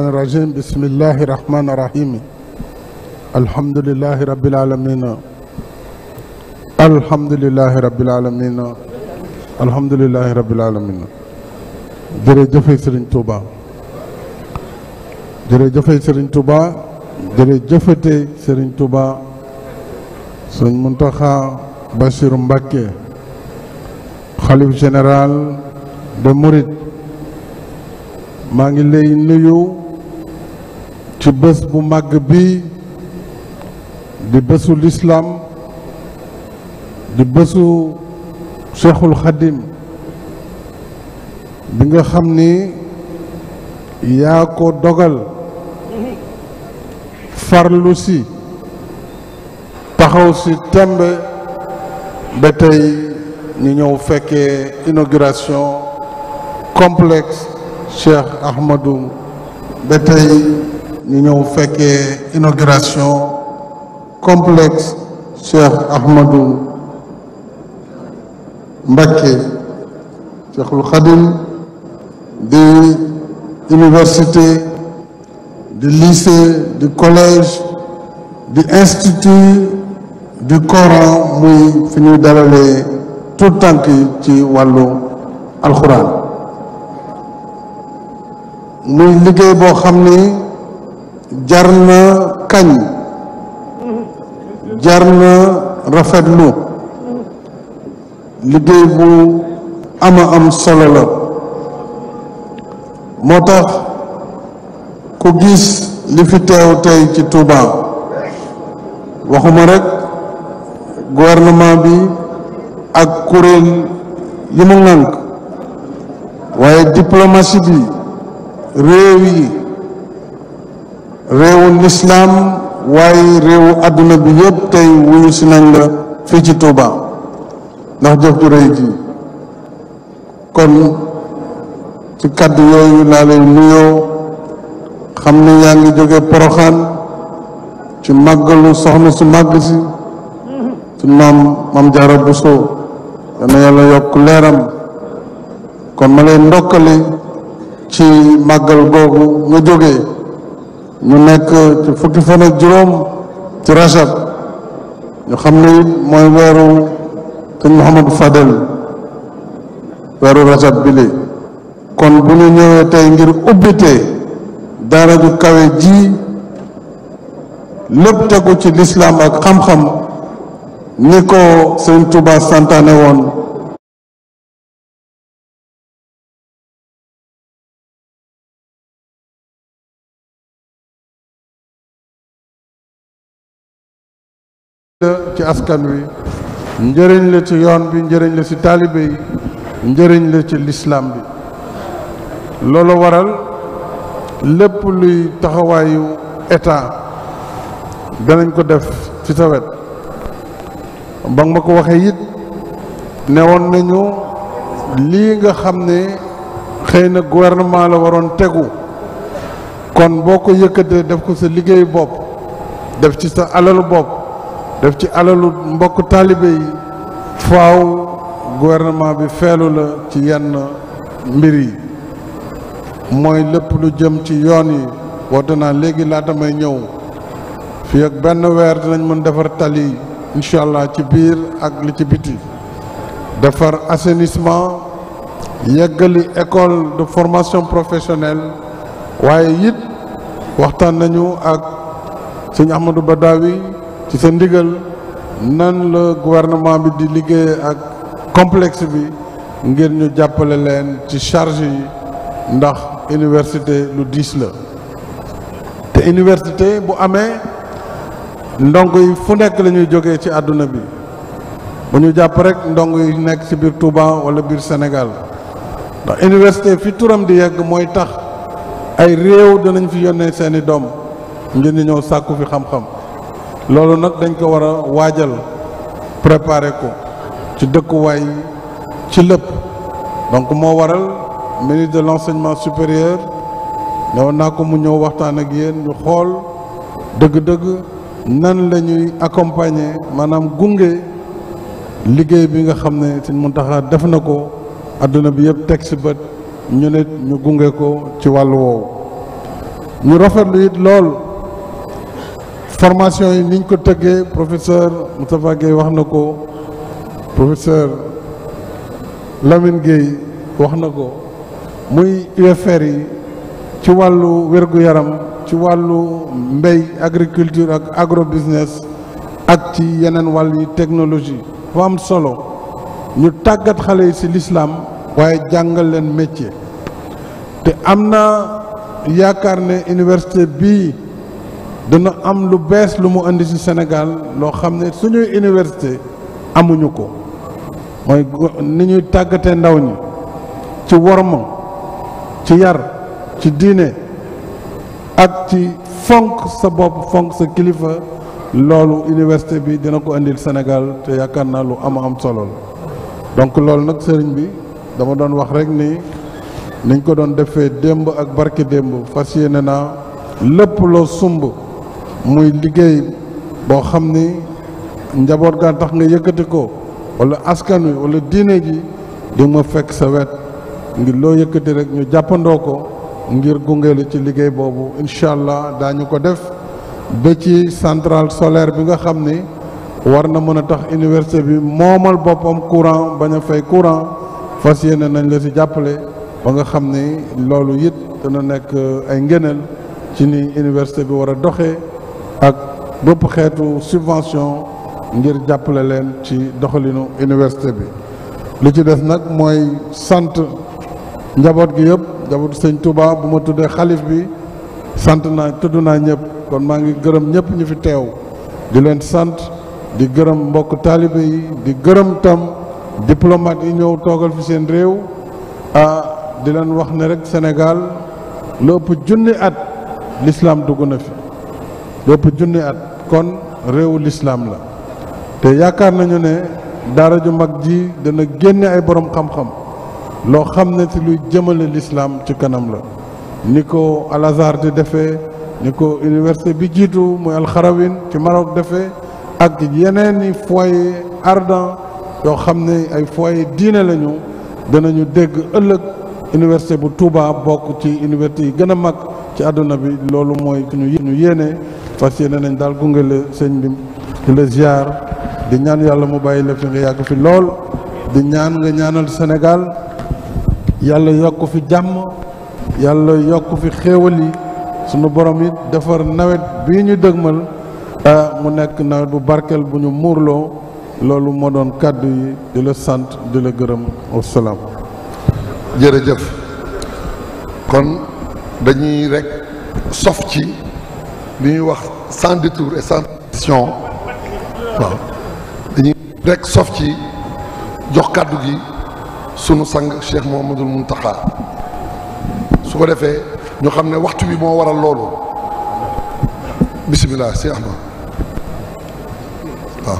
الشيطان الرجيم بسم الله الرحمن الرحيم الحمد لله رب العالمين الحمد لله رب العالمين الحمد لله رب العالمين jërëjëfee Serigne Touba jërëjëfee Serigne Touba jërëjëfate Serigne xalif général de Mouride maa ngi ci bés bu màgg bi di bésu lislaam di bésu cheikhul xadim bi nga xam ni yaa ko dogal farlu ci taxaw ci temb ba tey ñu ñëw fekkee inauguration complex Cheikh Ahmadou ba tey ñu ñëw fekkee inauguration complexe Cheikh Ahmadou Mbacké Cheikhul Khadim di université du lycée di collège du institut du Coran muy fi ñuy dalalee tout tànk ci wàllu alxuraan muy liggéey boo xam ni jar na kañ jar na rafetlu liggéey bu ama am solo la moo tax ku gis li fi teew tey ci Touba waxuma rek gouvernement bi ak kuréel yi mu ŋànk waaye diplomatie bi réew yi réewu lislaam waaye réewu àdduna bi yëpp tey wuyu si nañ la fii ci Touba ndax jëf ju rëy ji kon ci kàddu yooyu laa lay nuyoo xam ne yaa ngi jóge Poroxaan ci màggalu soxna su màgg si ci maam maam Jaara Buso dana yàlla yokk leeram kon ma lay ndokkale ci màggal googu nga jóge ñu nekk ci fukki fan ak juróom ci rajab ñu xam ne it mooy weeru sëñ Mouhamadou Fadel weeru rajab bi kon bu ñu ñëwee tey ngir ubbite daara ju kawe ji lépp tegu ci lislaam ak xam-xam ni ko sëñ Touba santaane woon la ci askan wi njëriñ la ci yoon bi njëriñ la ci taalibe yi njëriñ la ci lislaam bi loolu waral lépp luy taxawaayu état danañ ko def ci sa wet ba ma ko waxee it ne nañu lii nga xam ne xëy na gouvernement la waroon tegu kon boo ko yëkkatee def ko sa liggéey bopp def ci sa alalu bopp def ci alalu mbokk taalibe yi faw gouvernement bi feelu la ci yenn mbir yi mooy lépp lu jëm ci yoon yi woote naa léegi laata may ñëw fii ak benn weer dinañ mën defar tali incha allah ci biir ak li ci biti defar assainissement yeggali école de formation professionnelle waaye it waxtaan nañu ak sëñ Ahmadou Badawi ci sa ndigal nan la gouvernement bi di liggéey ak complexe bi ngir ñu jàppale leen ci charge yi ndax université lu diis la te université bu amee ndongo yi fu nekk lañuy ñuy jógee ci àdduna bi bu ñu jàpp rek ndongo yi nekk ci biir Touba wala biir Sénégal ndax université fi turam di yegg mooy tax ay réew danañ fi yónnee seeni doom ngir ñu ñëw sàkku fi xam-xam loolu nag dañ ko war a waajal préparer ko ci dëkkuwaay ci lépp donc moo waral ministre de l'enseignement supérieur ñëw naa ko mu ñëw waxtaan ak yéen ñu xool dëgg-dëgg nan la ñuy accompagner maanaam gunge liggéey bi nga xam ne Sëñ Muntaxa def na ko àdduna bi yëpp teg ci bët ñu nit ñu gunge ko ci wàllu woowu ñu rafetlu it lool. formation yi niñ ko tëggee professeur Moustapha Guèye wax na ko professeur Lamine Guèye wax na ko muy UFR yi ci wàllu wér yaram ci wàllu mbéy agriculture ak agro business ak ci yeneen wàll yi technologie fa am solo ñu tàggat xale yi ci lislaam waaye jàngal leen métier te am na yaakaar ne université bii dana am lu bees lu mu indi ci senegaal loo xam ne suñuy université amuñu ko mooy ni ñuy tàggatee ndaw ñi ci worma ci yar ci diine ak ci fonk sa bopp fonk sa kilifa loolu université bi dina ko indil Sénégal te yaakaar naa lu am am solo la donc loolu nag sëriñ bi dama doon wax rek nii niñ ko doon defee démb ak barke démb fas yéene naa lépp loo sumb muy liggéey boo xam ni njaboot gaa tax nga yëkkati ko wala askan wi wala diine ji di ma fekk sa wet ngir loo yëkkati rek ñu jàppandoo ko ngir gungeelu ci liggéey boobu incha allah daañu ko def ba ci central solaire bi nga xam ni war na mën a tax université bi moomal boppam courant bañ a fay courant fas yéene nañ la si jàppale ba nga xam ni loolu it dana nekk euh, ay ngëneel ci ni université bi war a doxee ak bépp xeetu subvention ngir jàppale leen ci doxalinu université bi li ci des nag mooy sant njaboot gi yëpp njabootu sëñ Touba bu ma tuddee xalif bi sant naa tudd naa ñëpp kon maa ngi gërëm ñëpp ñu fi teew di leen sant di gërëm mbokk taalibe yi di gërëm tam diplomate yi ñëw toogal fi seen réew ah di leen wax ne rek senegal lu ëpp junni at lislaam dugg na fi yëpp junni at kon réewu lislaam la te yaakaar nañu ne daara ju mag ji dana génne ay borom xam-xam loo xam ne ci luy jëmale lislaam ci kanam la ni ko Al di defee ni ko université bi jiitu muy alxarawin ci Maroc defe ak yeneen i foyer ardent yoo xam ne ay foyer diine lañu danañu dégg ëllëg université bu Touba bokk ci université yi gën a mag ci àdduna bi loolu mooy ñu yéene fas yéene nañ daal gunge la sëñ bi di la ziar di ñaan yàlla mu bàyyi la fi nga yàgg fi lool di ñaan nga ñaanal Sénégal yàlla yokk fi jàmm yàlla yokk fi xéewal yi sunu borom it defar nawet bi ñu dëgmal ah, mu nekk nawet bu barkeel bu ñu muurloo loolu moo doon kàddu yi di la sant di la gërëm wasalaam jërëjëf kon dañuy rekk sof ci li ñuy wax sans détour et sans transition waaw dañuy rek sof ci jox kàddu gi sunu sang Cheikh Mouhamadul Mountakha su ko defee ñu xam ne waxtu bi moo waral loolu bisimilah Cheikh Ahmad waaw.